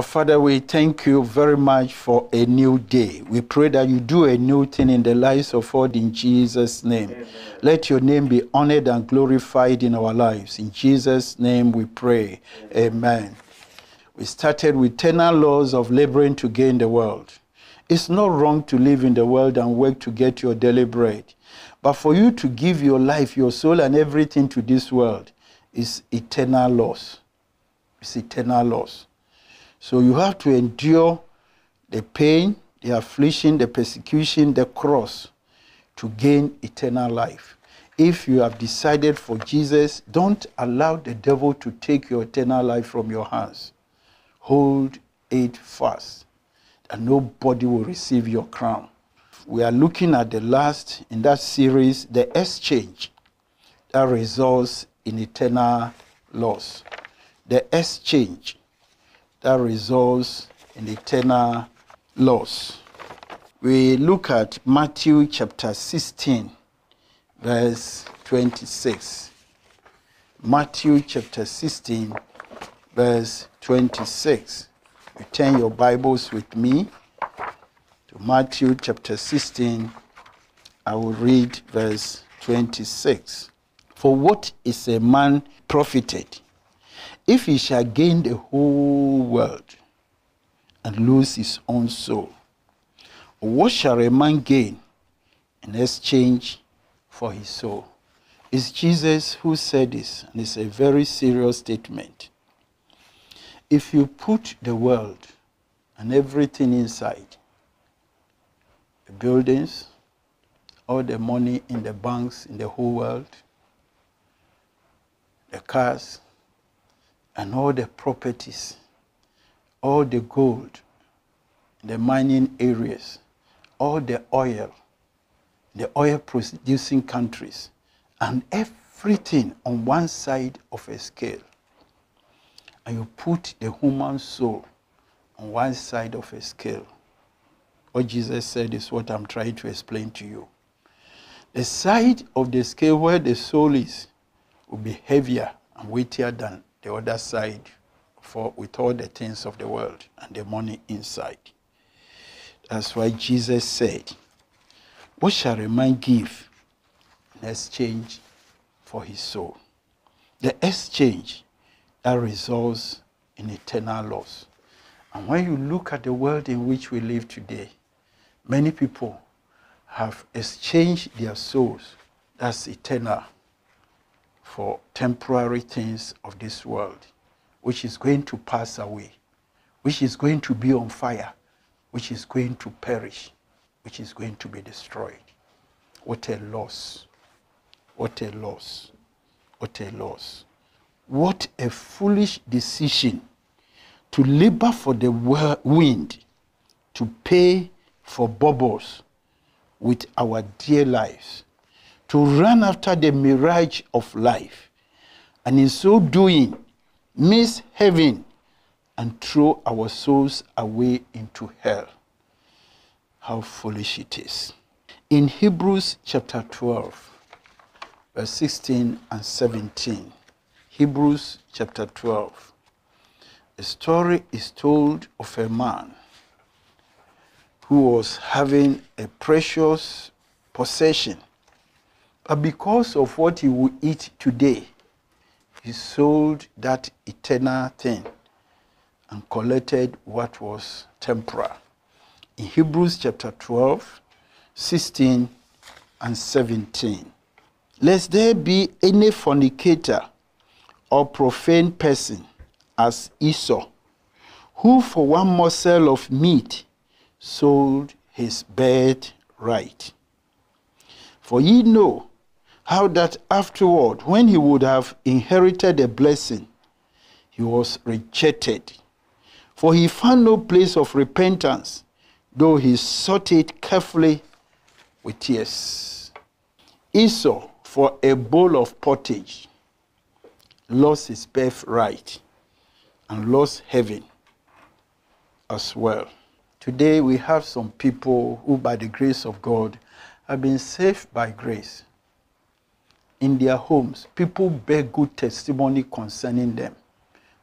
Our Father, we thank you very much for a new day. We pray that you do a new thing in the lives of all in Jesus' name. Amen. Let your name be honored and glorified in our lives. In Jesus' name we pray. Amen. Amen. We started with eternal laws of laboring to gain the world. It's not wrong to live in the world and work to get your daily bread. But for you to give your life, your soul, and everything to this world is eternal loss. It's eternal loss. So you have to endure the pain, the affliction, the persecution, the cross to gain eternal life. If you have decided for Jesus, don't allow the devil to take your eternal life from your hands. Hold it fast, and nobody will receive your crown. We are looking at the last in that series, the exchange that results in eternal loss. The exchange that results in eternal loss. We look at Matthew chapter 16, verse 26. Matthew chapter 16, verse 26. Return turn your Bibles with me to Matthew chapter 16. I will read verse 26. For what is a man profited if he shall gain the whole world and lose his own soul, what shall a man gain in exchange for his soul? It's Jesus who said this, and it's a very serious statement. If you put the world and everything inside, the buildings, all the money in the banks in the whole world, the cars, and all the properties, all the gold, the mining areas, all the oil, the oil producing countries, and everything on one side of a scale. And you put the human soul on one side of a scale. What Jesus said is what I'm trying to explain to you. The side of the scale where the soul is will be heavier and weightier than the other side for with all the things of the world and the money inside. That's why Jesus said, What shall a man give in exchange for his soul? The exchange that results in eternal loss. And when you look at the world in which we live today, many people have exchanged their souls, that's eternal, for temporary things of this world, which is going to pass away, which is going to be on fire, which is going to perish, which is going to be destroyed. What a loss. What a loss. What a loss. What a foolish decision to labor for the wind, to pay for bubbles with our dear lives to run after the mirage of life, and in so doing, miss heaven and throw our souls away into hell. How foolish it is. In Hebrews chapter 12, verse 16 and 17, Hebrews chapter 12, a story is told of a man who was having a precious possession but because of what he will eat today, he sold that eternal thing and collected what was temporal. In Hebrews chapter 12, 16, and 17. Lest there be any fornicator or profane person as Esau, who for one morsel of meat sold his birthright. For ye know how that afterward, when he would have inherited a blessing, he was rejected. For he found no place of repentance, though he sought it carefully with tears. Esau, for a bowl of pottage, lost his birthright and lost heaven as well. Today we have some people who, by the grace of God, have been saved by grace in their homes, people bear good testimony concerning them,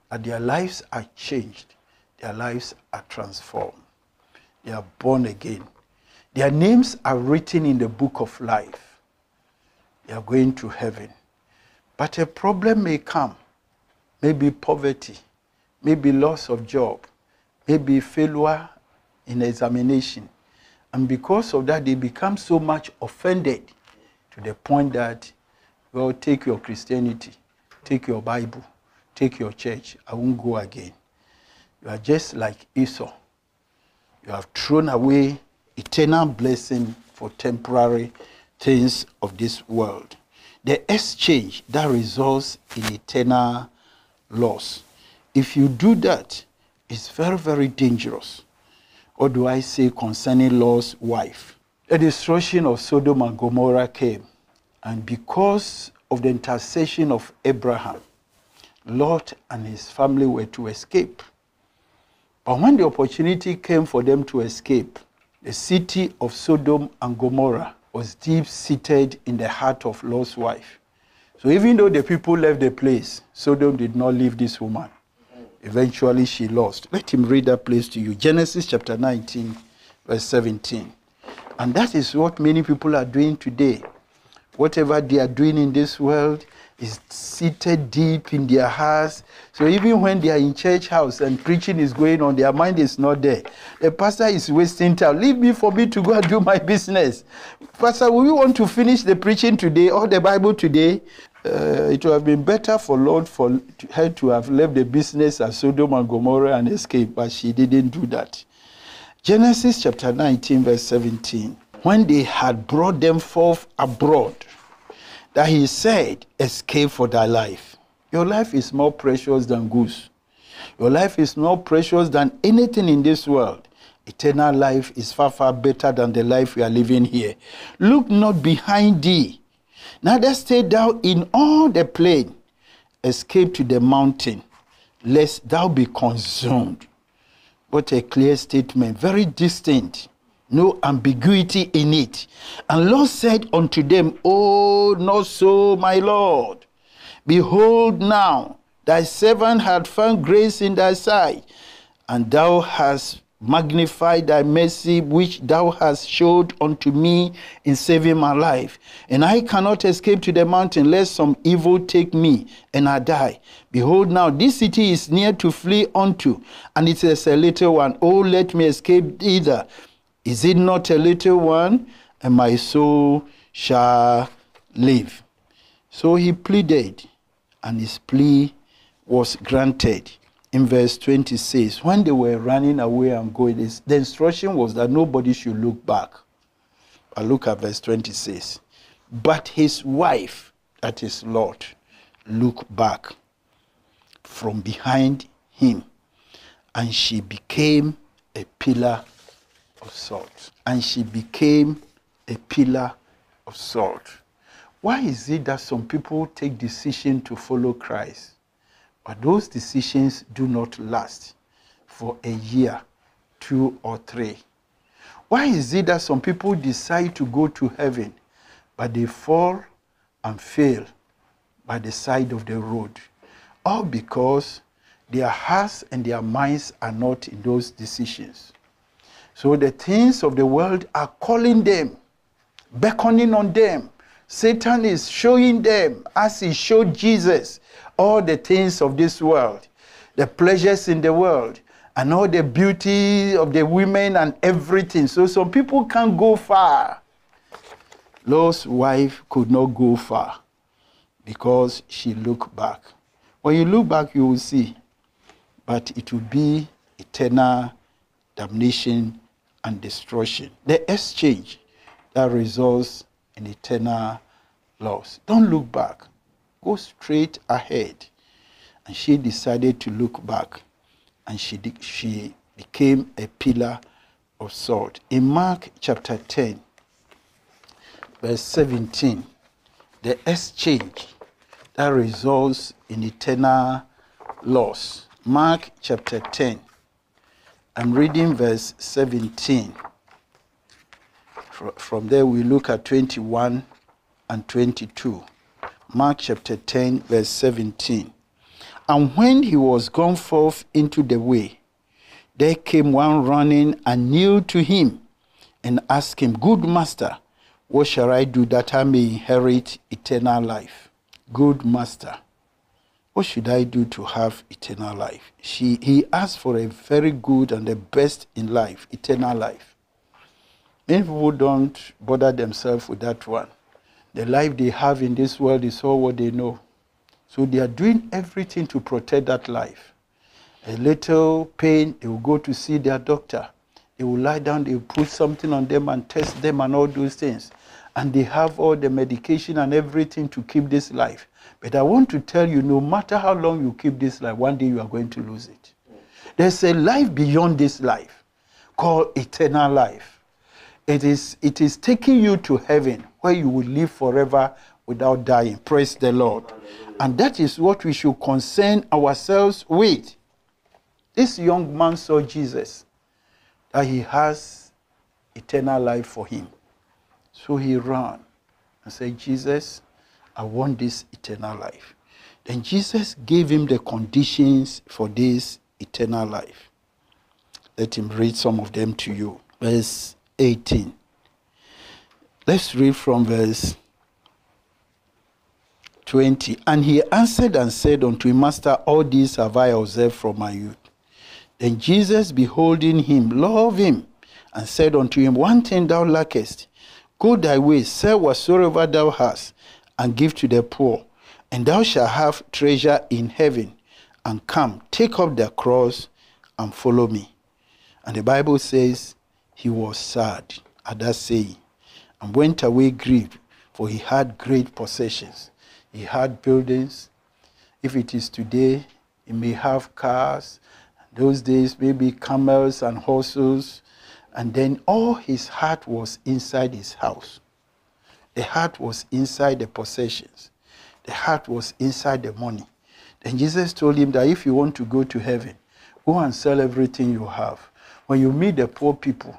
that their lives are changed, their lives are transformed, they are born again. Their names are written in the book of life. They are going to heaven. But a problem may come maybe poverty, maybe loss of job, maybe failure in examination. And because of that, they become so much offended to the point that well, take your Christianity, take your Bible, take your church. I won't go again. You are just like Esau. You have thrown away eternal blessing for temporary things of this world. The exchange that results in eternal loss. If you do that, it's very, very dangerous. What do I say concerning Lord's wife? The destruction of Sodom and Gomorrah came and because of the intercession of Abraham, Lot and his family were to escape. But when the opportunity came for them to escape, the city of Sodom and Gomorrah was deep seated in the heart of Lot's wife. So even though the people left the place, Sodom did not leave this woman. Eventually, she lost. Let him read that place to you Genesis chapter 19, verse 17. And that is what many people are doing today whatever they are doing in this world is seated deep in their hearts. So even when they are in church house and preaching is going on, their mind is not there. The pastor is wasting time. Leave me for me to go and do my business. Pastor, will you want to finish the preaching today or the Bible today? Uh, it would have been better for Lord for her to have left the business at Sodom and Gomorrah and escaped, but she didn't do that. Genesis chapter 19, verse 17. When they had brought them forth abroad, that he said, Escape for thy life. Your life is more precious than goods. Your life is more precious than anything in this world. Eternal life is far, far better than the life we are living here. Look not behind thee, neither stay thou in all the plain. Escape to the mountain, lest thou be consumed. What a clear statement, very distinct no ambiguity in it. And Lord said unto them, Oh, not so, my Lord. Behold, now thy servant hath found grace in thy sight, and thou hast magnified thy mercy which thou hast showed unto me in saving my life. And I cannot escape to the mountain, lest some evil take me and I die. Behold, now this city is near to flee unto, and it is a little one. Oh, let me escape thither is it not a little one? And my soul shall live. So he pleaded, and his plea was granted. In verse 26, when they were running away and going, the instruction was that nobody should look back. But look at verse 26. But his wife, that is Lot, looked back from behind him, and she became a pillar of salt. And she became a pillar of salt. Why is it that some people take decision to follow Christ, but those decisions do not last for a year, two or three? Why is it that some people decide to go to heaven, but they fall and fail by the side of the road? All because their hearts and their minds are not in those decisions. So the things of the world are calling them, beckoning on them. Satan is showing them, as he showed Jesus, all the things of this world, the pleasures in the world, and all the beauty of the women and everything. So some people can't go far. Lot's wife could not go far because she looked back. When you look back, you will see, but it will be eternal damnation and destruction, the exchange that results in eternal loss. Don't look back, go straight ahead. And she decided to look back, and she, she became a pillar of salt. In Mark chapter 10, verse 17, the exchange that results in eternal loss. Mark chapter 10, I'm reading verse 17. From there, we look at 21 and 22. Mark chapter 10, verse 17. And when he was gone forth into the way, there came one running and kneeled to him and asked him, Good master, what shall I do that I may inherit eternal life? Good master what should I do to have eternal life? She, he asked for a very good and the best in life, eternal life. Many people don't bother themselves with that one. The life they have in this world is all what they know. So they are doing everything to protect that life. A little pain, they will go to see their doctor. They will lie down, they will put something on them and test them and all those things and they have all the medication and everything to keep this life. But I want to tell you no matter how long you keep this life, one day you are going to lose it. There's a life beyond this life called eternal life. It is, it is taking you to heaven where you will live forever without dying. Praise the Lord. And that is what we should concern ourselves with. This young man saw Jesus, that he has eternal life for him. So he ran and said, Jesus, I want this eternal life. Then Jesus gave him the conditions for this eternal life. Let him read some of them to you. Verse 18. Let's read from verse 20. And he answered and said unto him, Master, all these have I observed from my youth. Then Jesus, beholding him, loved him, and said unto him, One thing thou lackest. Go thy way, sell whatsoever thou hast, and give to the poor, and thou shalt have treasure in heaven. And come, take up the cross, and follow me. And the Bible says, He was sad at that saying, and went away grieved, for he had great possessions. He had buildings. If it is today, he may have cars. Those days, maybe camels and horses and then all his heart was inside his house. The heart was inside the possessions. The heart was inside the money. Then Jesus told him that if you want to go to heaven, go and sell everything you have. When you meet the poor people,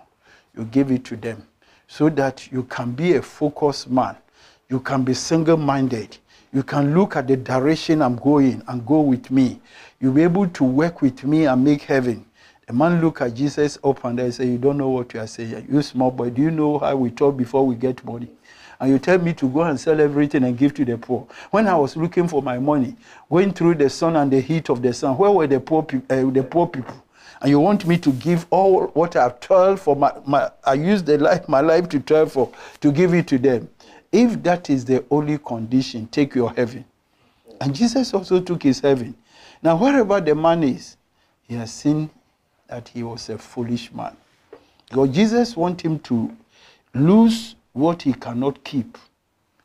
you give it to them so that you can be a focused man. You can be single minded. You can look at the direction I'm going and go with me. You'll be able to work with me and make heaven. A man look at Jesus up and down say, You don't know what you are saying. You small boy, do you know how we talk before we get money? And you tell me to go and sell everything and give to the poor. When I was looking for my money, going through the sun and the heat of the sun, where were the poor, pe- uh, eh, the poor people? And you want me to give all what I've toiled for my, my I used the life, my life to toil for, to give it to them. If that is the only condition, take your heaven. And Jesus also took his heaven. Now, wherever the man is, he has seen that he was a foolish man. Because Jesus wants him to lose what he cannot keep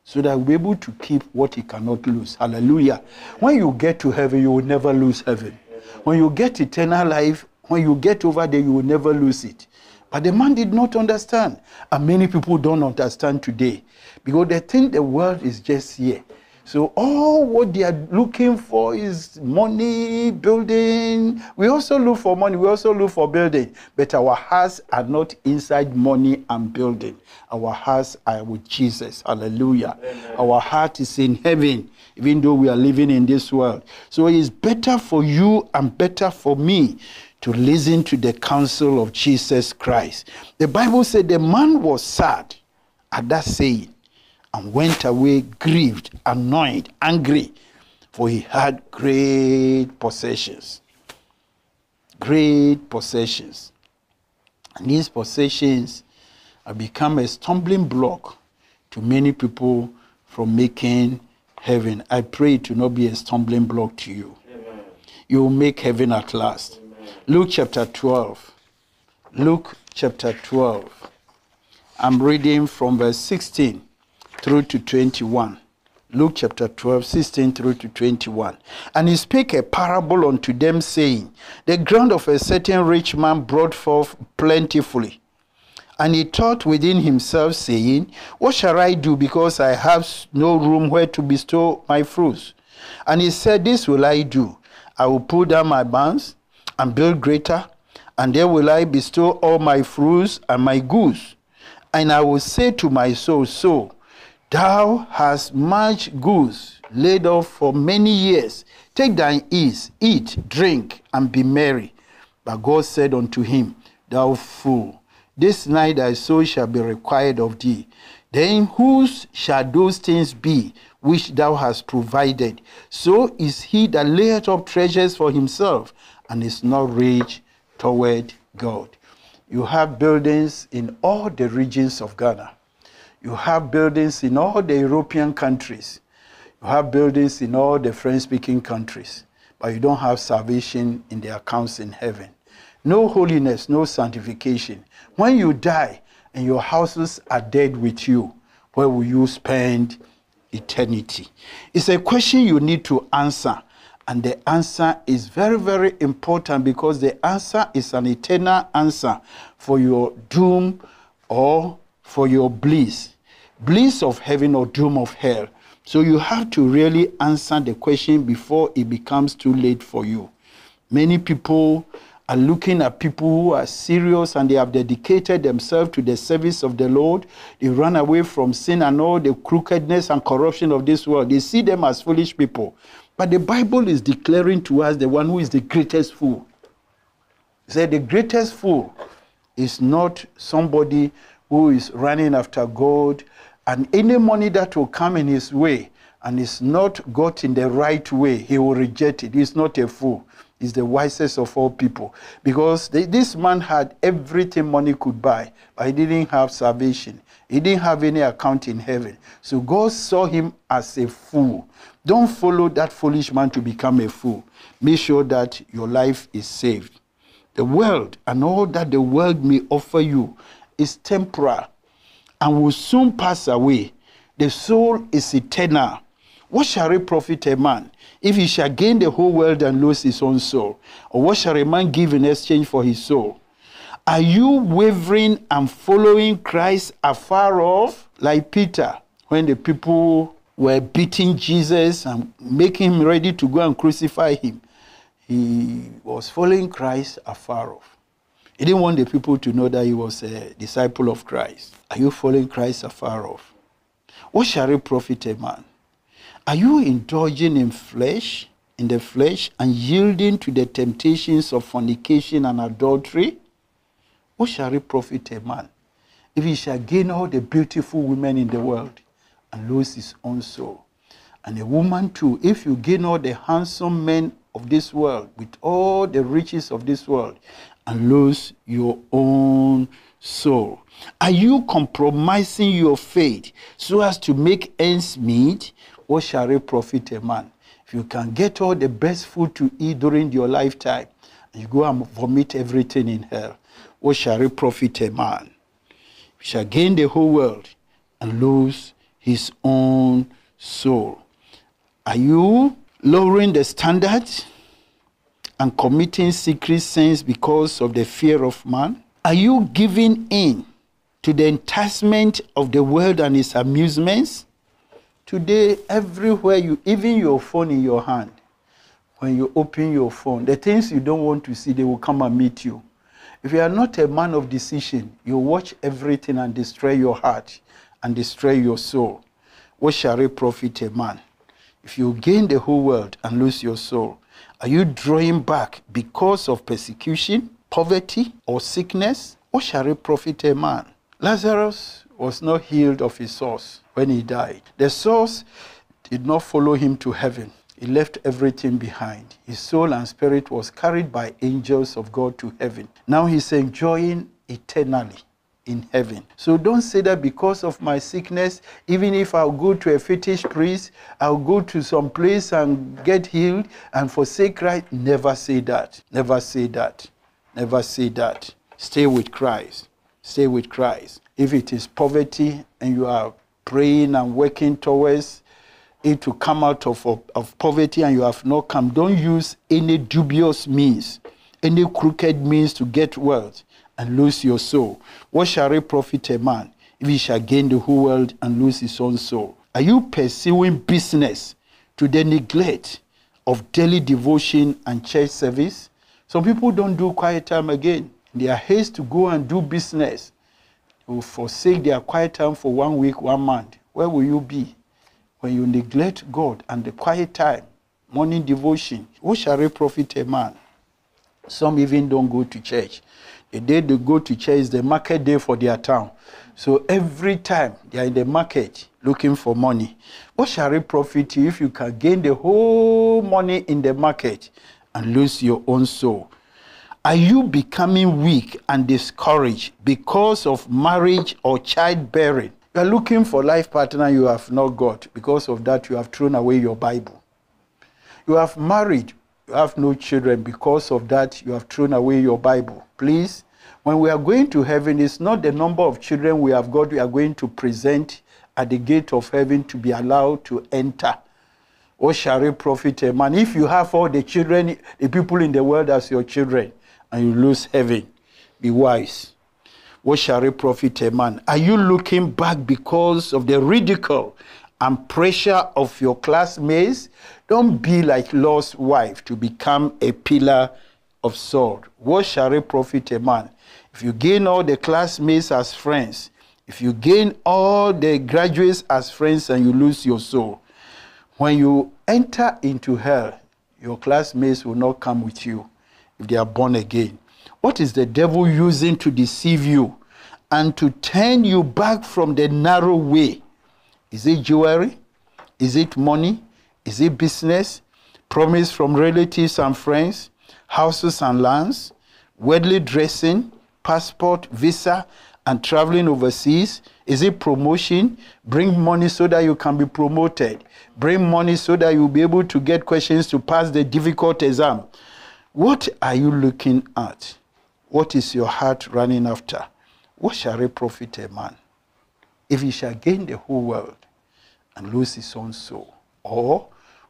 so that we be able to keep what he cannot lose. Hallelujah. When you get to heaven, you will never lose heaven. When you get eternal life, when you get over there, you will never lose it. But the man did not understand. And many people don't understand today because they think the world is just here. So all what they are looking for is money, building. We also look for money. We also look for building. But our hearts are not inside money and building. Our hearts are with Jesus. Hallelujah. Amen. Our heart is in heaven, even though we are living in this world. So it is better for you and better for me to listen to the counsel of Jesus Christ. The Bible said the man was sad at that saying and went away grieved, annoyed, angry, for he had great possessions. Great possessions. And these possessions have become a stumbling block to many people from making heaven. I pray it will not be a stumbling block to you. Amen. You will make heaven at last. Amen. Luke chapter 12. Luke chapter 12. I'm reading from verse 16 through to 21. Luke chapter 12, 16 through to 21. And he spake a parable unto them, saying, The ground of a certain rich man brought forth plentifully. And he thought within himself, saying, What shall I do, because I have no room where to bestow my fruits? And he said, This will I do. I will pull down my barns and build greater, and there will I bestow all my fruits and my goods. And I will say to my soul, Soul, Thou hast much goods laid up for many years. Take thine ease, eat, drink, and be merry. But God said unto him, Thou fool, this night thy soul shall be required of thee. Then whose shall those things be which thou hast provided? So is he that layeth up treasures for himself and is not rich toward God. You have buildings in all the regions of Ghana. You have buildings in all the European countries. You have buildings in all the French speaking countries, but you don't have salvation in the accounts in heaven. No holiness, no sanctification. When you die and your houses are dead with you, where will you spend eternity? It's a question you need to answer. And the answer is very, very important because the answer is an eternal answer for your doom or for your bliss bliss of heaven or doom of hell. So you have to really answer the question before it becomes too late for you. Many people are looking at people who are serious and they have dedicated themselves to the service of the Lord. They run away from sin and all the crookedness and corruption of this world. They see them as foolish people. But the Bible is declaring to us the one who is the greatest fool. Say said, The greatest fool is not somebody who is running after gold, and any money that will come in his way and is not got in the right way, he will reject it. He's not a fool. He's the wisest of all people. Because they, this man had everything money could buy, but he didn't have salvation. He didn't have any account in heaven. So God saw him as a fool. Don't follow that foolish man to become a fool. Make sure that your life is saved. The world and all that the world may offer you is temporal and will soon pass away. The soul is eternal. What shall it profit a man if he shall gain the whole world and lose his own soul? Or what shall a man give in exchange for his soul? Are you wavering and following Christ afar off, like Peter, when the people were beating Jesus and making him ready to go and crucify him? He was following Christ afar off. He didn't want the people to know that he was a disciple of Christ. Are you following Christ afar off? What shall it profit a man? Are you indulging in flesh, in the flesh, and yielding to the temptations of fornication and adultery? What shall it profit a man if he shall gain all the beautiful women in the world and lose his own soul? And a woman too, if you gain all the handsome men of this world, with all the riches of this world, and lose your own soul? Are you compromising your faith so as to make ends meet? What shall it profit a man? If you can get all the best food to eat during your lifetime, you go and vomit everything in hell, what shall it profit a man? He shall gain the whole world and lose his own soul. Are you lowering the standards? and committing secret sins because of the fear of man? Are you giving in to the enticement of the world and its amusements? Today, everywhere you, even your phone in your hand, when you open your phone, the things you don't want to see, they will come and meet you. If you are not a man of decision, you watch everything and destroy your heart and destroy your soul. What shall it profit a man if you gain the whole world and lose your soul? Are you drawing back because of persecution, poverty, or sickness? What shall it profit a man? Lazarus was not healed of his source when he died. The source did not follow him to heaven. He left everything behind. His soul and spirit was carried by angels of God to heaven. Now he's enjoying eternally in heaven. So don't say that because of my sickness, even if I'll go to a fetish priest, I'll go to some place and get healed and forsake Christ. Never say that. Never say that. Never say that. Stay with Christ. Stay with Christ. If it is poverty and you are praying and working towards it to come out of, of, of poverty and you have not come, don't use any dubious means, any crooked means to get wealth and lose your soul? What shall it profit a man if he shall gain the whole world and lose his own soul? Are you pursuing business to the neglect of daily devotion and church service? Some people don't do quiet time again. They are haste to go and do business. They will forsake their quiet time for one week, one month. Where will you be when you neglect God and the quiet time, morning devotion? What shall it profit a man? Some even don't go to church. A day they go to church is the market day for their town. So every time they are in the market looking for money, what shall it profit you if you can gain the whole money in the market and lose your own soul? Are you becoming weak and discouraged because of marriage or childbearing? You are looking for life partner you have not got. Because of that, you have thrown away your Bible. You have married you have no children because of that you have thrown away your bible please when we are going to heaven it's not the number of children we have got we are going to present at the gate of heaven to be allowed to enter what oh, shall it profit a eh, man if you have all the children the people in the world as your children and you lose heaven be wise what oh, shall it profit a eh, man are you looking back because of the ridicule and pressure of your classmates don't be like lost wife to become a pillar of salt. What shall it profit a man if you gain all the classmates as friends, if you gain all the graduates as friends and you lose your soul? When you enter into hell, your classmates will not come with you if they are born again. What is the devil using to deceive you and to turn you back from the narrow way? Is it jewelry? Is it money? Is it business? Promise from relatives and friends? Houses and lands? Worldly dressing? Passport, visa, and traveling overseas? Is it promotion? Bring money so that you can be promoted. Bring money so that you'll be able to get questions to pass the difficult exam. What are you looking at? What is your heart running after? What shall it profit a man if he shall gain the whole world and lose his own soul? Or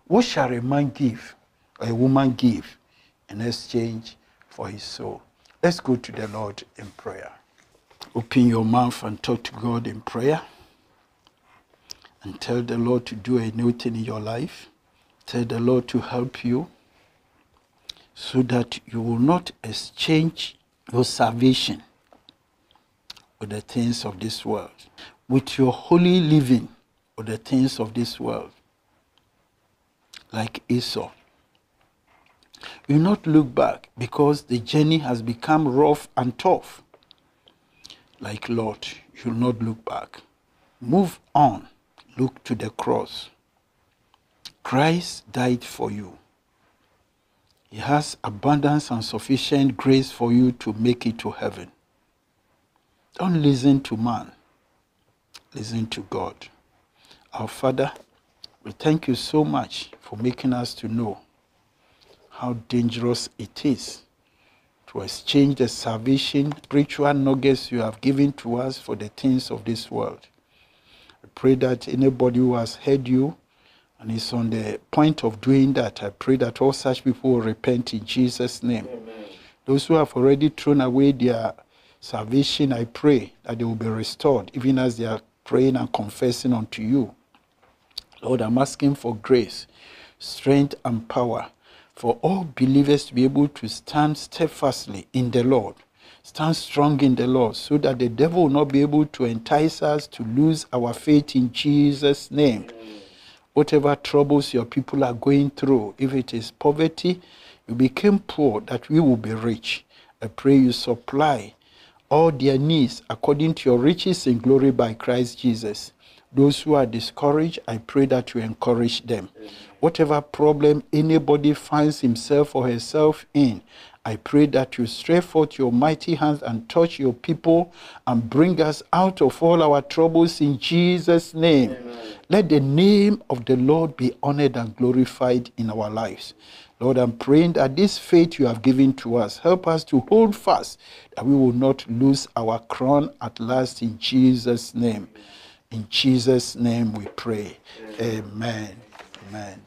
what shall a man give, or a woman give, in exchange for his soul? Let's go to the Lord in prayer. Open your mouth and talk to God in prayer. And tell the Lord to do a new thing in your life. Tell the Lord to help you so that you will not exchange your salvation with the things of this world, with your holy living with the things of this world like Esau. You not look back because the journey has become rough and tough. Like Lot, you will not look back. Move on. Look to the cross. Christ died for you. He has abundance and sufficient grace for you to make it to heaven. Don't listen to man, listen to God. Our Father, we thank you so much for making us to know how dangerous it is to exchange the salvation, ritual nuggets you have given to us for the things of this world. I pray that anybody who has heard you and is on the point of doing that, I pray that all such people will repent in Jesus' name. Amen. Those who have already thrown away their salvation, I pray that they will be restored, even as they are praying and confessing unto you. Lord, I'm asking for grace, strength, and power for all believers to be able to stand steadfastly in the Lord, stand strong in the Lord, so that the devil will not be able to entice us to lose our faith in Jesus' name. Whatever troubles your people are going through, if it is poverty, you became poor that we will be rich. I pray you supply all their needs according to your riches in glory by Christ Jesus. Those who are discouraged, I pray that you encourage them. Whatever problem anybody finds himself or herself in, I pray that you stretch forth your mighty hands and touch your people and bring us out of all our troubles in Jesus' name. Amen. Let the name of the Lord be honored and glorified in our lives. Lord, I'm praying that this faith you have given to us, help us to hold fast, that we will not lose our crown at last in Jesus' name. In Jesus' name we pray. Amen. Amen.